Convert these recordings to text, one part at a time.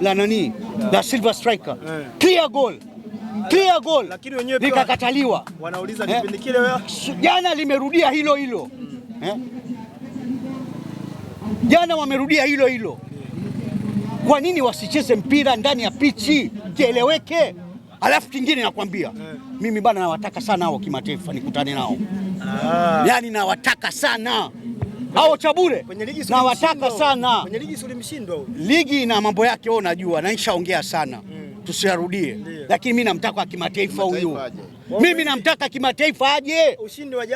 la nani la Silver Striker, eh. clear goal clear goal, lakini wenyewe likakataliwa. Wanauliza eh. kipindi kile wewe, jana limerudia hilo hilo hmm. eh? Jana wamerudia hilo hilo. Kwa nini wasicheze mpira ndani ya pichi, kieleweke? Alafu kingine nakwambia mimi bana, nawataka sana hao kimataifa, nikutane nao ah. Yani nawataka sana hao cha bure nawataka sana. Ligi ina mambo yake, wewe unajua, na nishaongea sana mm. Tusiarudie, lakini mimi namtaka wa kimataifa huyu, mimi namtaka kimataifa aje,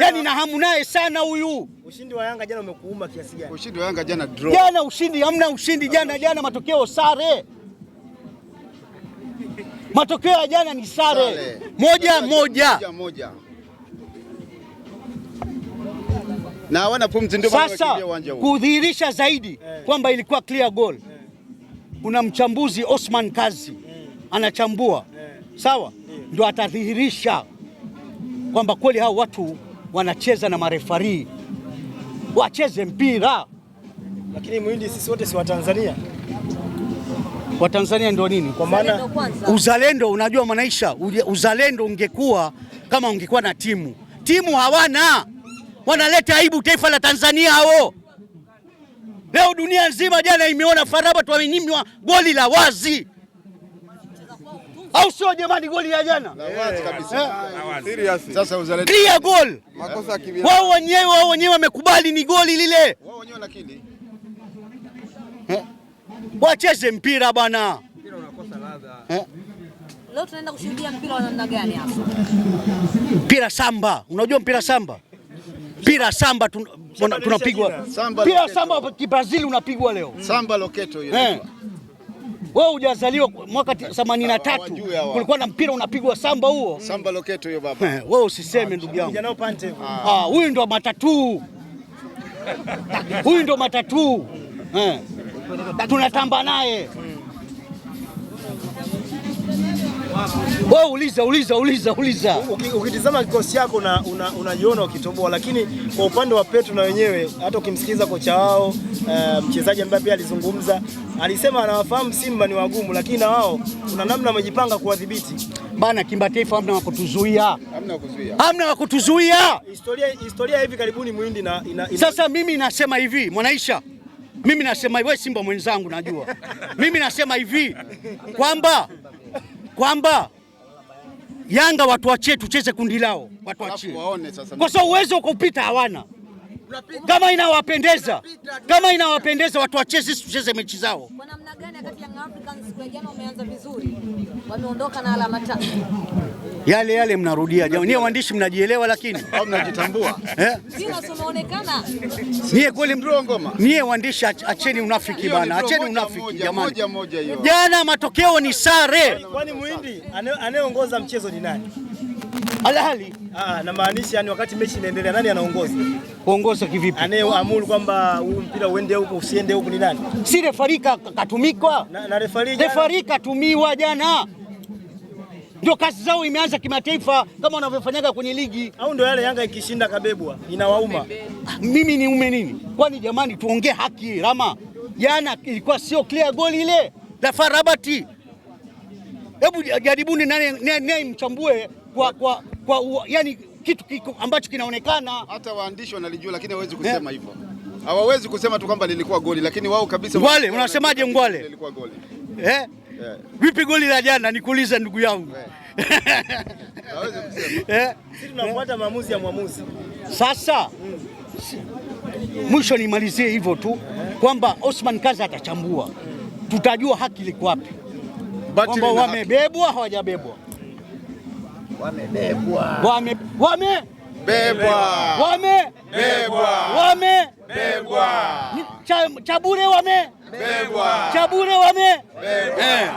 yaani na hamu naye sana huyu. Ushindi wa Yanga jana umekuuma kiasi gani? Ushindi wa Yanga jana draw. Jana ushindi hamna ushindi jana, jana matokeo sare matokeo ya jana ni sare moja moja, moja, moja. na hawana pumzi, ndio sasa kudhihirisha zaidi eh, kwamba ilikuwa clear goal eh. Kuna mchambuzi Osman Kazi eh, anachambua eh, sawa eh, ndio atadhihirisha kwamba kweli hao watu wanacheza na marefarii, wacheze mpira. Lakini Muhindi, sisi wote si Watanzania. Watanzania ndio nini? Kwa maana uzalendo, unajua mwanaisha, uzalendo ungekuwa kama ungekuwa na timu, timu hawana wanaleta aibu taifa la Tanzania hao. Leo dunia nzima jana imeona Farabat wamenyimwa goli la wazi, au sio jamani? Goli ya jana eh. Eh. clear goal, wao wenyewe wao wenyewe wamekubali ni goli lile. Eh. Wacheze mpira bwana, mpira unakosa ladha. Leo tunaenda kushuhudia mpira wa namna gani hapa? Mpira samba, unajua mpira samba Pira samba tunapigwa. Pira samba Kibrazil unapigwa leo. Samba loketo hiyo. Eh. Wewe hujazaliwa mwaka 83 kulikuwa na mpira unapigwa samba huo. Samba loketo hiyo baba. Eh, wewe usiseme ndugu yangu. Ah. ah, huyu ndo matatu. Huyu ndo matatu. Eh. Tunatamba naye. Wewe uliza uliza uliza uliza. Ukitizama kikosi chako unajiona una, una ukitoboa, lakini kwa upande wa Petro na wenyewe hata ukimsikiliza kocha wao uh, mchezaji ambaye pia alizungumza alisema anawafahamu Simba ni wagumu, lakini na wao kuna namna wamejipanga kuwadhibiti bana. Kimataifa hamna wa kutuzuia, hamna wa kutuzuia. Historia, historia hivi karibuni Muhindi na ina, ina... Sasa mimi nasema hivi Mwanaisha, mimi nasema wewe Simba mwenzangu, najua mimi nasema hivi kwamba kwamba Yanga watuachie tucheze kundi lao, watuachie kwa sababu uwezo wa kupita hawana. Kama inawapendeza kama inawapendeza watuachie sisi tucheze mechi zao wameondoka na alama tatu. Yale yale mnarudia jamani, niye waandishi mnajielewa, lakini au mnajitambua eh? Niye kweli mdraw ngoma, niye waandishi, acheni unafiki bana, acheni unafiki jamani. Moja moja hiyo. Jana matokeo ni sare. Kwani muhindi anayeongoza mchezo ni nani? Alhali ah, ah, na maanisha yani, wakati mechi inaendelea, nani anaongoza? Kuongoza kivipi? Anayeamuru kwamba huu mpira uende huko usiende huko ni nani? Si refarika katumikwa na, na refarika. Refarika tumiwa jana ndio kazi zao imeanza kimataifa kama wanavyofanyaga kwenye ligi, au ndio yale Yanga ikishinda kabebwa inawauma. Mimi niume nini? Kwani jamani, tuongee haki. Rama jana ilikuwa sio clear goli ile la Farabati. Hebu jaribuni naye mchambue kwa, kwa, kwa, yani kitu kiko ambacho kinaonekana hata waandishi wanalijua, lakini hawezi kusema hivyo Hawawezi kusema tu kwamba lilikuwa goli, lakini wao kabisa wale unasemaje ngwale eh? yeah. Vipi goli la jana? Nikuulize ndugu yangu eh. eh. Tunafuata maamuzi ya mwamuzi sasa Mwisho nimalizie hivyo tu kwamba Osman Kaza atachambua, tutajua haki liko wapi, kwamba wamebebwa hawajabebwa, wamebebwa wame wame wame bebwa wame bure wame Eh. Eh.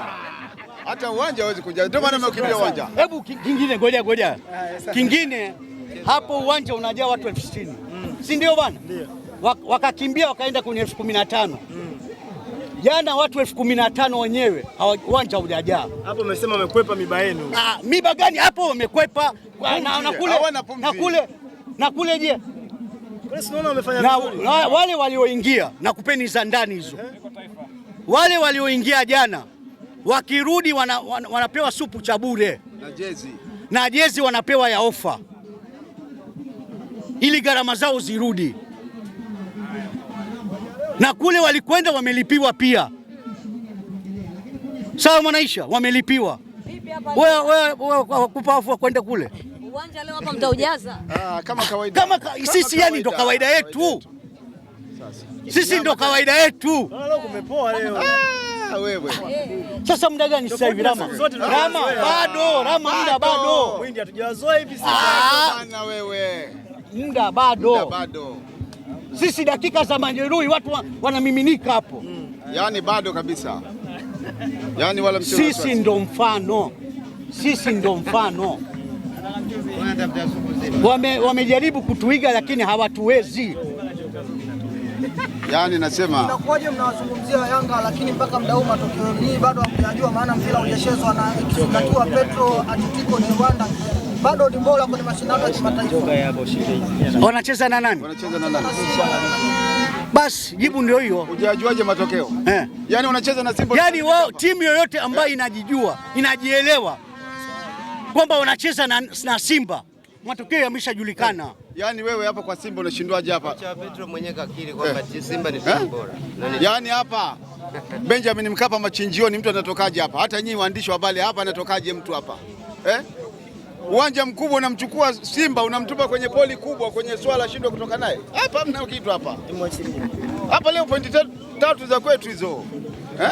hata uwanja hawezi kuja, ndio maana amekimbia uwanja. Hebu kingine, ngoja ngoja, eh, kingine hapo uwanja unajaa watu elfu sitini mm. si ndio bwana? Wakakimbia wakaenda kwenye elfu kumi na tano mm. jana watu elfu kumi na tano wenyewe uwanja hujajaa. Hapo umesema wamekwepa miba yenu. Ah, miba gani hapo wamekwepa na, na kule na kule na kule je? Na, na, wale walioingia na kupeni za ndani hizo wale walioingia jana wakirudi wana, wana, wanapewa supu cha bure na jezi, na jezi wanapewa ya ofa ili gharama zao zirudi, na kule walikwenda wamelipiwa pia. Sawa Mwanaisha, wamelipiwa. Wewe wakupa ofa kwenda kule uwanja leo hapa mtaujaza ah, kama kawaida, kama sisi, yani ndo kawaida yetu. Sisi ndo kawaida yetu. Ah, wewe sasa muda gani sasa hivi? Rama bado, Rama ah. muda bado, muda bado. Sisi dakika za majeruhi watu wanamiminika hapo, mm. yaani bado kabisa, yaani wala sisi ndo mfano, sisi ndo mfano wamejaribu kutuiga lakini hawatuwezi. Yaani nasema inakuwaje, mnawazungumzia Yanga lakini mpaka mda huu matokeo ni bado hamjajua, maana mpira hujachezwa na ikizingatiwa Petro Atletico ni Rwanda bado ni bora kwenye mashindano ya kimataifa. Wanacheza na nani? Wanacheza na nani? Basi jibu ndio hiyo. Unajuaje matokeo? Eh. Yaani unacheza na Simba. Yaani wao timu yoyote ambayo eh, inajijua, inajielewa kwamba wanacheza na, na Simba matokeo yameshajulikana. eh. Yaani wewe hapa kwa Simba unashindwaje hapa? Kocha Petro mwenyewe kakiri kwamba eh. Simba ni eh? timu bora. Yaani hapa Benjamin Mkapa machinjio ni mtu anatokaje hapa? Hata nyinyi waandishi wa habari hapa anatokaje mtu hapa? Eh? Uwanja mkubwa unamchukua Simba unamtupa kwenye poli kubwa kwenye swala shindwa kutoka naye. Hapa mna kitu hapa. Hapa leo pointi tatu za kwetu hizo. Eh?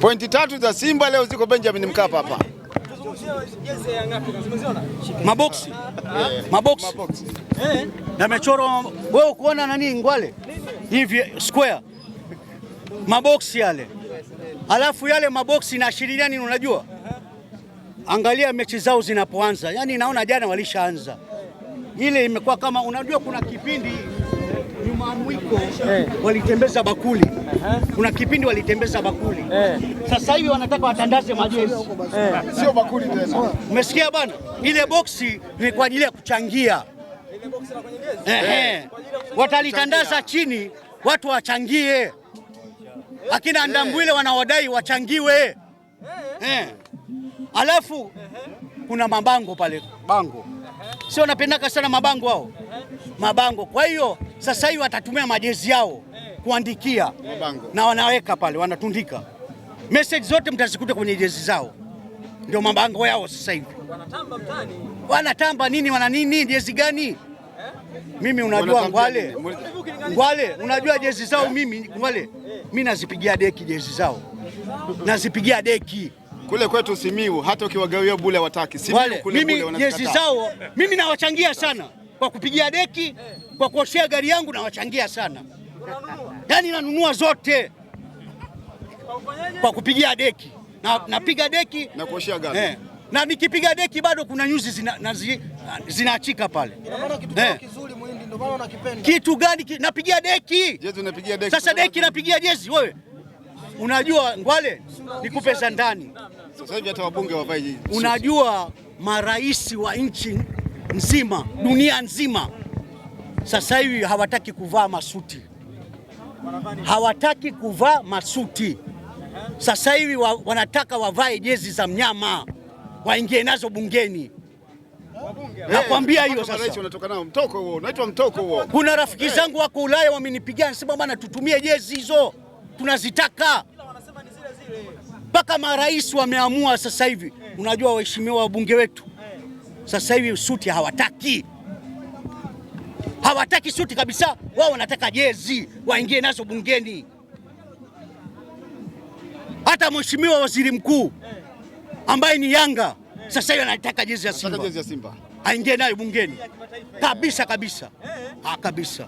Pointi tatu za Simba leo ziko Benjamin Mkapa hapa maboksi maboksi yamechorwa, wewe kuona nani ngwale hivi square maboksi yale, alafu yale maboksi inaashiria nini? Unajua, angalia mechi zao zinapoanza, yaani naona jana walishaanza ile imekuwa kama, unajua kuna kipindi mwiko eh, Walitembeza bakuli uh-huh. Kuna kipindi walitembeza bakuli eh. Sasa hivi wanataka watandaze majezi Sio bakuli tena, umesikia bana? Ile boksi ni kwa ajili ya kuchangia hey. Hey. Watalitandaza chini, watu wachangie, akina Ndambwile wanawadai wachangiwe eh. Alafu kuna mabango pale, bango sio, wanapendaka sana mabango hao mabango. Kwa hiyo sasa hivi watatumia majezi yao kuandikia mabango, na wanaweka pale, wanatundika message zote, mtazikuta kwenye jezi zao, ndio mabango yao sasa hivi. Wanatamba mtani, wanatamba nini? Wana nini? Jezi gani? Mimi unajua Ngwale, Ngwale unajua jezi zao mimi Ngwale, mimi nazipigia deki jezi zao, nazipigia deki kule kwetu Simiu, hata ukiwagawia bule wataki Simiu kule, mimi jezi zao mimi nawachangia sana kwa kupigia deki, kwa kuoshea gari yangu nawachangia sana, yaani nanunua zote kwa kupigia deki na, napiga deki na kuoshea gari eh, na nikipiga deki bado kuna nyuzi zinaachika zina, pale eh. Kitu gani ki, napigia deki, jezi unapigia deki. Sasa deki napigia jezi wewe unajua Ngwale, nikupe za ndani. Sasa hivi hata wabunge wavai. Unajua marais wa nchi nzima, dunia nzima sasa hivi hawataki kuvaa masuti, hawataki kuvaa masuti. Sasa hivi wa, wanataka wavae jezi za mnyama waingie nazo bungeni. Nakwambia hiyo sasa. nao mtoko huo, unaitwa mtoko huo. Kuna rafiki eh. zangu wako Ulaya wamenipigia, nasema bwana, tutumie jezi hizo, tunazitaka mpaka marais wameamua sasa hivi. Eh. Unajua waheshimiwa wabunge wetu sasa hivi suti hawataki, hawataki suti kabisa. Wao wanataka jezi waingie nazo bungeni. Hata mheshimiwa waziri mkuu ambaye ni Yanga sasa hivi anataka jezi ya Simba, jezi ya Simba aingie nayo bungeni kabisa kabisa, ah, kabisa.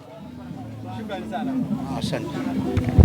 Asante.